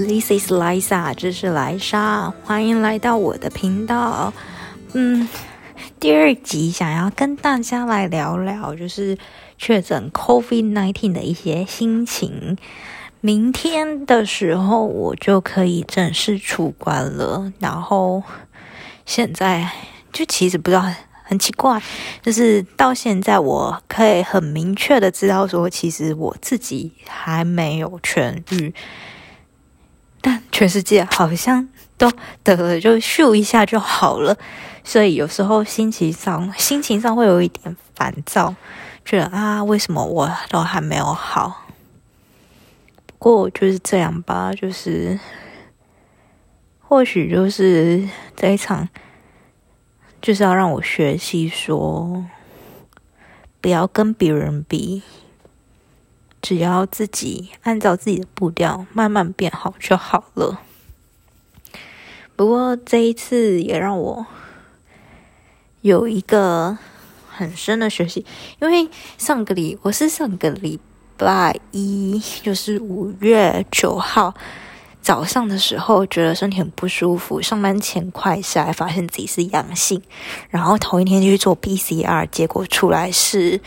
This is Liza，這是萊莎，歡迎來到我的頻道。嗯，第二集想要跟大家來聊聊，就是確診 COVID nineteen 的一些心情。明天的時候我就可以正式出關了，然後現在就其實不知道很奇怪，就是到現在我可以很明確的知道說，其實我自己還沒有痊癒。但全世界好像都得了，就咻一下就好了。所以有時候心情上，心情上會有一點煩躁，覺得啊，為什麼我都還沒有好？不過就是這樣吧，就是或許就是這一場，就是要讓我學習說，說不要跟別人比。只要自己按照自己的步調慢慢變好就好了。不過這一次也讓我有一個很深的學習，因為上個禮我是上個禮拜一，就是五月九號早上的時候，覺得身體很不舒服，上班前快篩發現自己是陽性，然後頭一天就去做 PCR，結果出來是。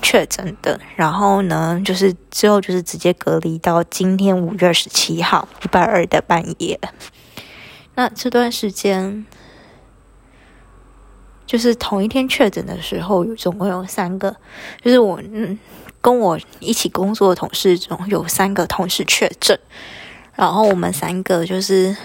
確診的，然後呢，就是之後就是直接隔離到今天五月十七號，禮拜二的半夜。那這段時間，就是同一天確診的時候，總共有三個，就是我嗯跟我一起工作的同事中有三個同事確診，然後我們三個就是。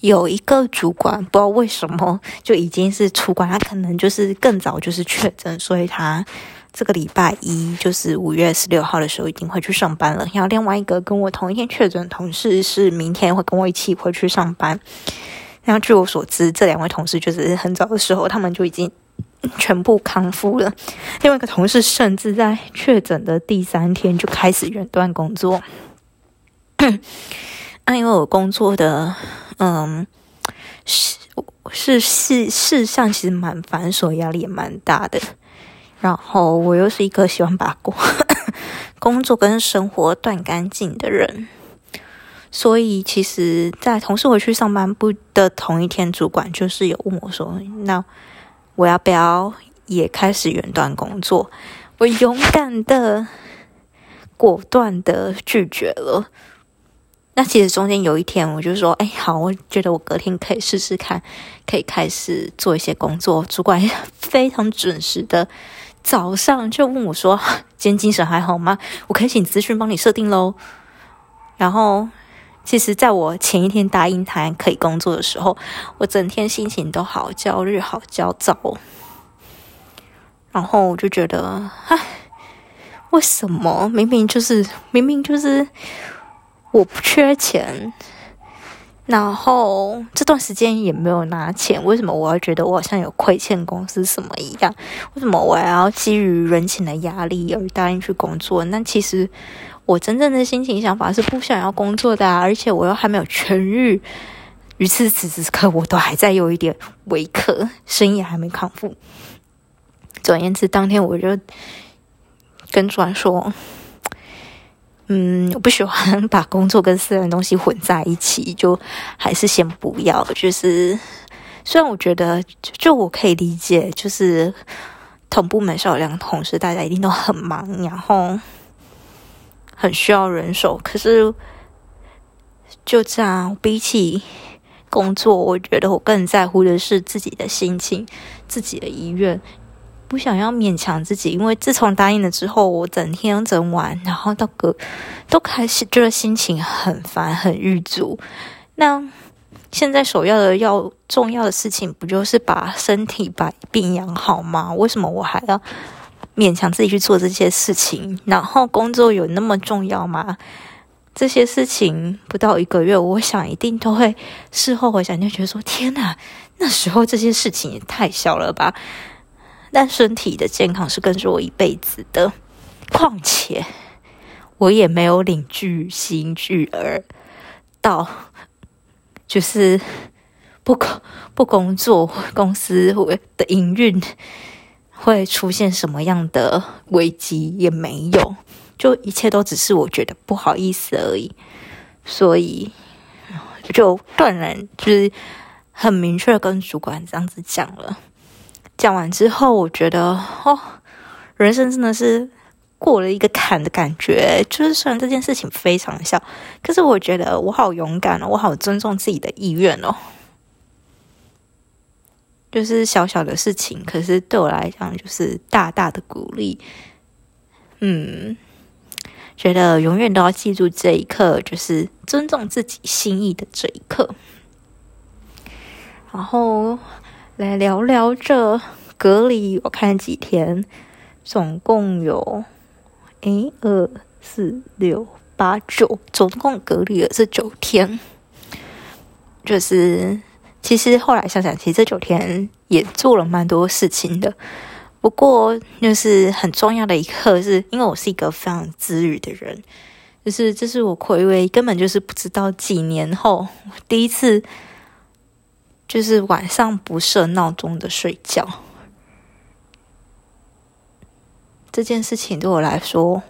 有一個主管，不知道為什麼就已經是出關，他可能就是更早就是確診，所以他這個禮拜一就是五月十六號的時候已經回去上班了。然後另外一個跟我同一天確診的同事是明天會跟我一起回去上班。然後據我所知，這兩位同事就是很早的時候他們就已經全部康復了。另外一個同事甚至在確診的第三天就開始遠端工作。 那、啊、因為我工作的，嗯，是是，是事事項其實蠻繁瑣，壓力也蠻大的。然後我又是一個喜歡把工 工作跟生活斷乾淨的人，所以其實，在同事回去上班不的同一天，主管就是有問我說：“那我要不要也開始遠端工作？”我勇敢的、果斷的拒絕了。那其實中間有一天，我就說：“哎，好，我覺得我隔天可以試試看，可以開始做一些工作。”主管非常準時的早上就問我說：“今天精神還好嗎？我可以請資訊幫你設定嘍。”然後，其實在我前一天答應他可以工作的時候，我整天心情都好焦慮、好焦躁，然後我就覺得：“哎、啊，為什麼？明明就是，明明就是。”我不缺錢，然後這段時間也沒有拿錢，為什麼我要覺得我好像有虧欠公司什麼一樣？為什麼我還要基於人情的壓力而答應去工作？那其實我真正的心情想法是不想要工作的啊，而且我又還沒有痊癒，於是此時此刻我都還在有一點微咳，身體還沒康復。總而言之，當天我就跟主管說。嗯，我不喜歡把工作跟私人的東西混在一起，就還是先不要。就是雖然我覺得就，就我可以理解，就是同部門是有兩個同事，大家一定都很忙，然後很需要人手。可是就這樣，比起工作，我覺得我更在乎的是自己的心情，自己的意願。不想要勉強自己，因為自從答應了之後，我整天整晚，然後到個都開始覺得心情很煩、很鬱卒。那現在首要的、要重要的事情，不就是把身體把病養好嗎？為什麼我還要勉強自己去做這些事情？然後工作有那麼重要嗎？這些事情不到一個月，我想一定都會事後回想，就覺得說：天吶、啊，那時候這些事情也太小了吧。但身體的健康是跟着我一輩子的，況且我也沒有領巨薪巨兒到，就是不不工作，公司會的營運會出現什麼樣的危機也沒有，就一切都只是我覺得不好意思而已，所以就斷然就是很明確的跟主管這樣子講了。講完之後，我覺得哦，人生真的是過了一個坎的感覺。就是雖然這件事情非常的小，可是我覺得我好勇敢哦，我好尊重自己的意願哦。就是小小的事情，可是對我來講就是大大的鼓勵。嗯，覺得永遠都要記住這一刻，就是尊重自己心意的這一刻。然後。來聊聊這隔離，我看了幾天，總共有，一、二、四、六、八、九，總共隔離了這九天。就是其實後來想想，其實這九天也做了蠻多事情的。不過，就是很重要的一個，是因為我是一個非常自律的人，就是這、就是我回虧根本就是不知道幾年後第一次。就是晚上不設鬧鐘的睡覺這件事情，對我來說，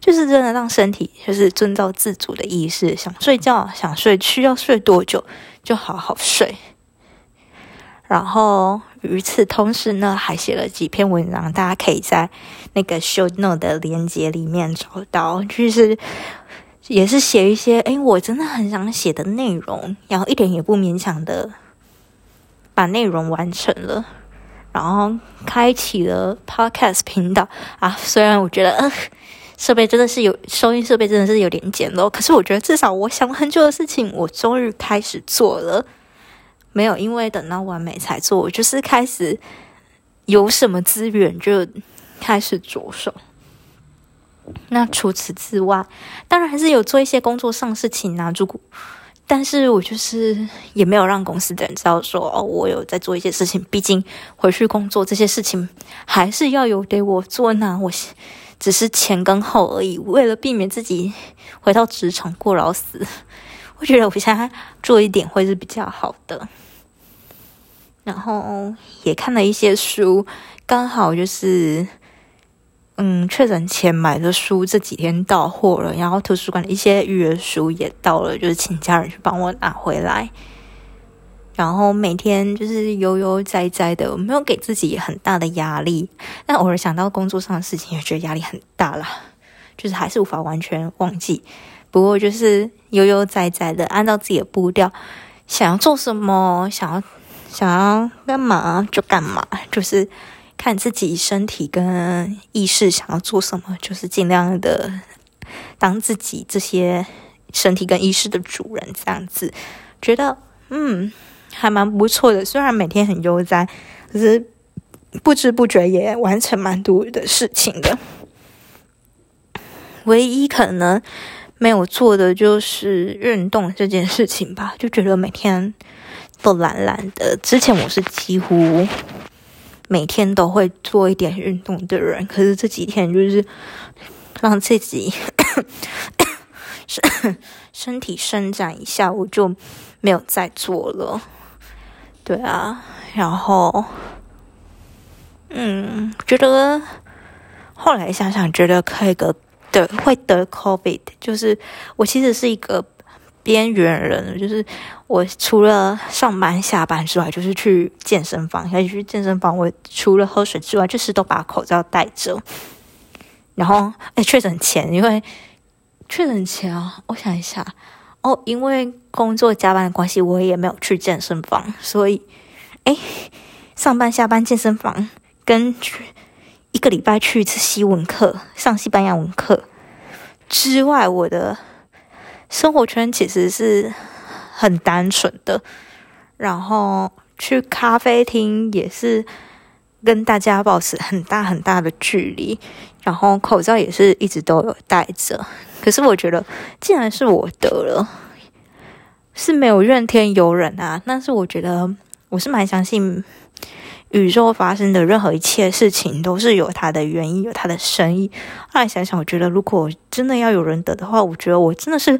就是真的讓身體就是遵照自主的意識，想睡覺想睡，需要睡多久就好好睡。然後與此同時呢，還寫了幾篇文章，大家可以在那個 show note 的連接裡面找到，就是也是寫一些哎、欸，我真的很想寫的內容，然後一點也不勉強的。把內容完成了，然後開啟了 Podcast 頻道啊！雖然我覺得，呃，設備真的是有收音設備真的是有點簡陋，可是我覺得至少我想很久的事情，我終於開始做了。沒有因為等到完美才做，我就是開始有什麼資源就開始着手。那除此之外，當然還是有做一些工作上事情啊，主顧。但是我就是也沒有讓公司的人知道說，哦，我有在做一些事情。畢竟回去工作這些事情還是要有給我做呢，我只是前跟後而已。為了避免自己回到職場過勞死，我覺得我現在做一點會是比較好的。然後也看了一些書，剛好就是。嗯，確診前買的書這幾天到貨了，然後圖書館的一些預約書也到了，就是請家人去幫我拿回來。然後每天就是悠悠哉哉的，我沒有給自己很大的壓力，但偶爾想到工作上的事情，也覺得壓力很大啦，就是還是無法完全忘記。不過就是悠悠哉哉的，按照自己的步調，想要做什麼，想要想要幹嘛就幹嘛，就是。看自己身體跟意識想要做什麼，就是盡量的當自己這些身體跟意識的主人，這樣子覺得嗯，還蠻不錯的。雖然每天很悠哉，可是不知不覺也完成蠻多的事情的。唯一可能沒有做的就是運動這件事情吧，就覺得每天都懶懶的。之前我是幾乎。每天都會做一點運動的人，可是這幾天就是讓自己 身體伸展一下，我就沒有再做了。對啊，然後，嗯，覺得後來想想，覺得可以個得會得 COVID，就是我其實是一個。邊緣人就是我，除了上班下班之外，就是去健身房。要去健身房，我除了喝水之外，就是都把口罩戴着。然後，誒，確診前，因為確診前啊，我想一下，哦，因為工作加班的關係，我也沒有去健身房。所以，誒，上班下班健身房跟一個禮拜去一次西文課、上西班牙文課之外，我的。生活圈其實是很單純的，然後去咖啡廳也是跟大家保持很大很大的距離，然後口罩也是一直都有戴着。可是我覺得，既然是我得了，是沒有怨天尤人啊。但是我覺得，我是蠻相信。宇宙發生的任何一切事情都是有它的原因，有它的深意。後來、啊、想想，我覺得如果真的要有人得的話，我覺得我真的是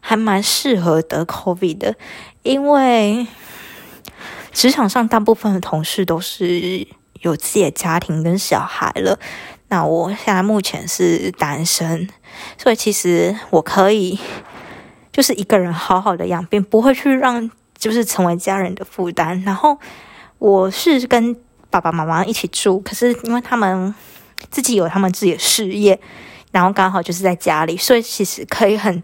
還蠻適合得 COVID 的，因為職場上大部分的同事都是有自己的家庭跟小孩了。那我現在目前是單身，所以其實我可以就是一個人好好的養病，不會去讓就是成為家人的負擔，然後。我是跟爸爸媽媽一起住，可是因為他們自己有他們自己的事業，然後剛好就是在家裡，所以其實可以很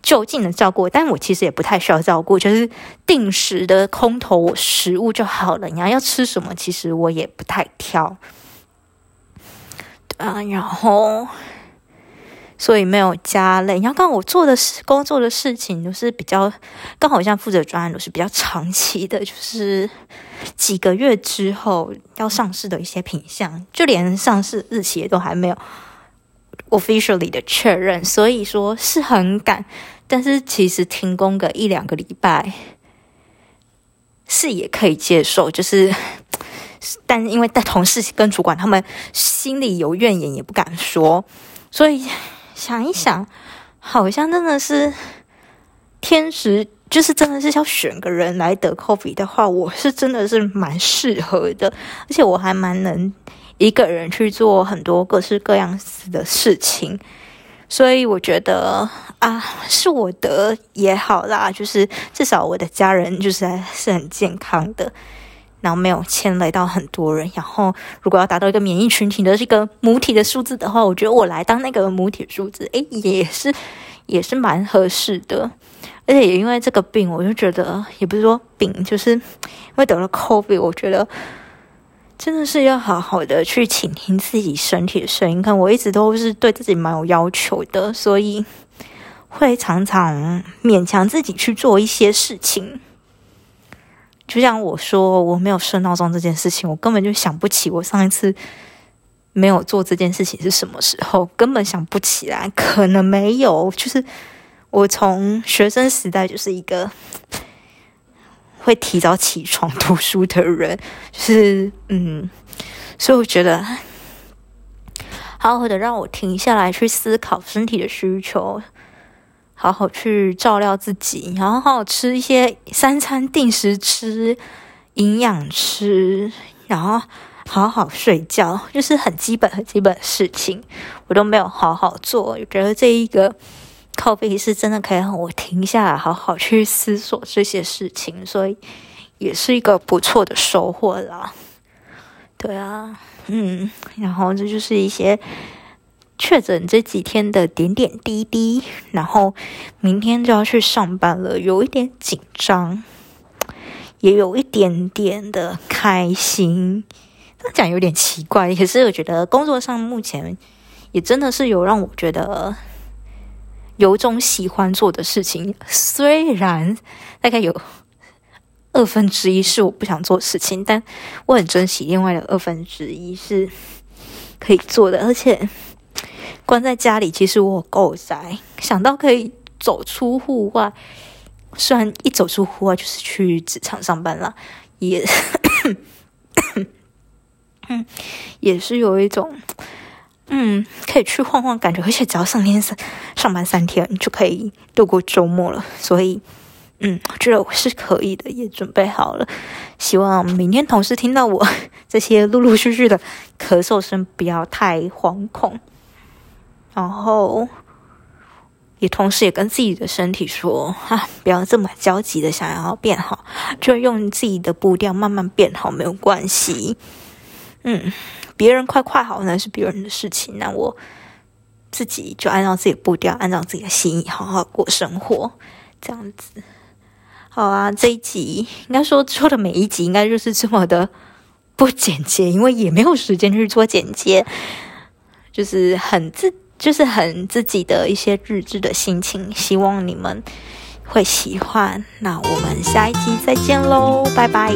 就近的照顧。但我其實也不太需要照顧，就是定時的空投食物就好了。你要要吃什麼，其實我也不太挑。啊，然後。所以沒有加累，你看，剛我做的事，工作的事情都是比較，剛好像負責專案都是比較長期的，就是幾個月之後要上市的一些品項，就連上市日期也都還沒有 officially 的確認，所以說是很趕。但是其實停工個一兩個禮拜是也可以接受，就是，但因為但同事跟主管他們心裡有怨言也不敢說，所以。想一想，好像真的是天時，就是真的是要選個人來得 Covid 的話，我是真的是蠻適合的，而且我還蠻能一個人去做很多各式各樣子的事情，所以我覺得啊，是我得也好啦，就是至少我的家人就是還是很健康的。然後沒有牽累到很多人。然後，如果要達到一個免疫群體的這個母體的數字的話，我覺得我來當那個母體數字，誒，也是也是蠻合適的。而且也因為這個病，我就覺得也不是說病，就是因為得了 COVID，我覺得真的是要好好的去傾聽自己身體的聲音。看，我一直都是對自己蠻有要求的，所以會常常勉強自己去做一些事情。就像我說我沒有設鬧鐘這件事情，我根本就想不起我上一次沒有做這件事情是什麼時候，根本想不起來啊。可能沒有，就是我從學生時代就是一個會提早起床讀書的人，就是嗯，所以我覺得，好好的讓我停下來去思考身體的需求。好好去照料自己，然後好好吃一些三餐，定時吃，營養吃，然後好好睡覺，就是很基本、很基本的事情，我都沒有好好做。我覺得這一個 Covid 是真的可以讓我停下來，好好去思索這些事情，所以也是一個不錯的收穫啦。對啊，嗯，然後這就是一些。確診這幾天的點點滴滴，然後明天就要去上班了，有一點緊張，也有一點點的開心。這樣講有點奇怪，可是我覺得工作上目前也真的是有讓我覺得有種喜歡做的事情。雖然大概有二分之一是我不想做事情，但我很珍惜另外的二分之一是可以做的，而且，關在家裡，其實我夠宅。想到可以走出戶外，雖然一走出戶外就是去職場上班了，也， 嗯，也是有一種，嗯，可以去晃晃感覺。而且只要上天上上班三天，你就可以度過週末了。所以，嗯，我覺得我是可以的，也準備好了。希望明天同事聽到我這些陸陸續續的咳嗽聲，不要太惶恐。然後也同時，也跟自己的身體說：“啊，不要這麼焦急的想要變好，就用自己的步調慢慢變好，沒有關係。”嗯，別人快快好那是別人的事情，那我自己就按照自己的步調，按照自己的心意好好過生活，這樣子。好啊，這一集應該說做的每一集應該就是這麼的不簡潔，因為也沒有時間去做剪接，就是很自就是很自己的一些日誌的心情，希望你們會喜歡。那我們下一集再見嘍，拜拜。